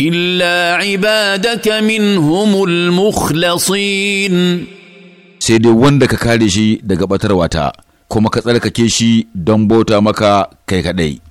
إلا عبادك منهم المخلصين sai dai wanda ka kare shi daga ɓatarwata kuma ka tsarkake shi don bauta maka kai kaɗai.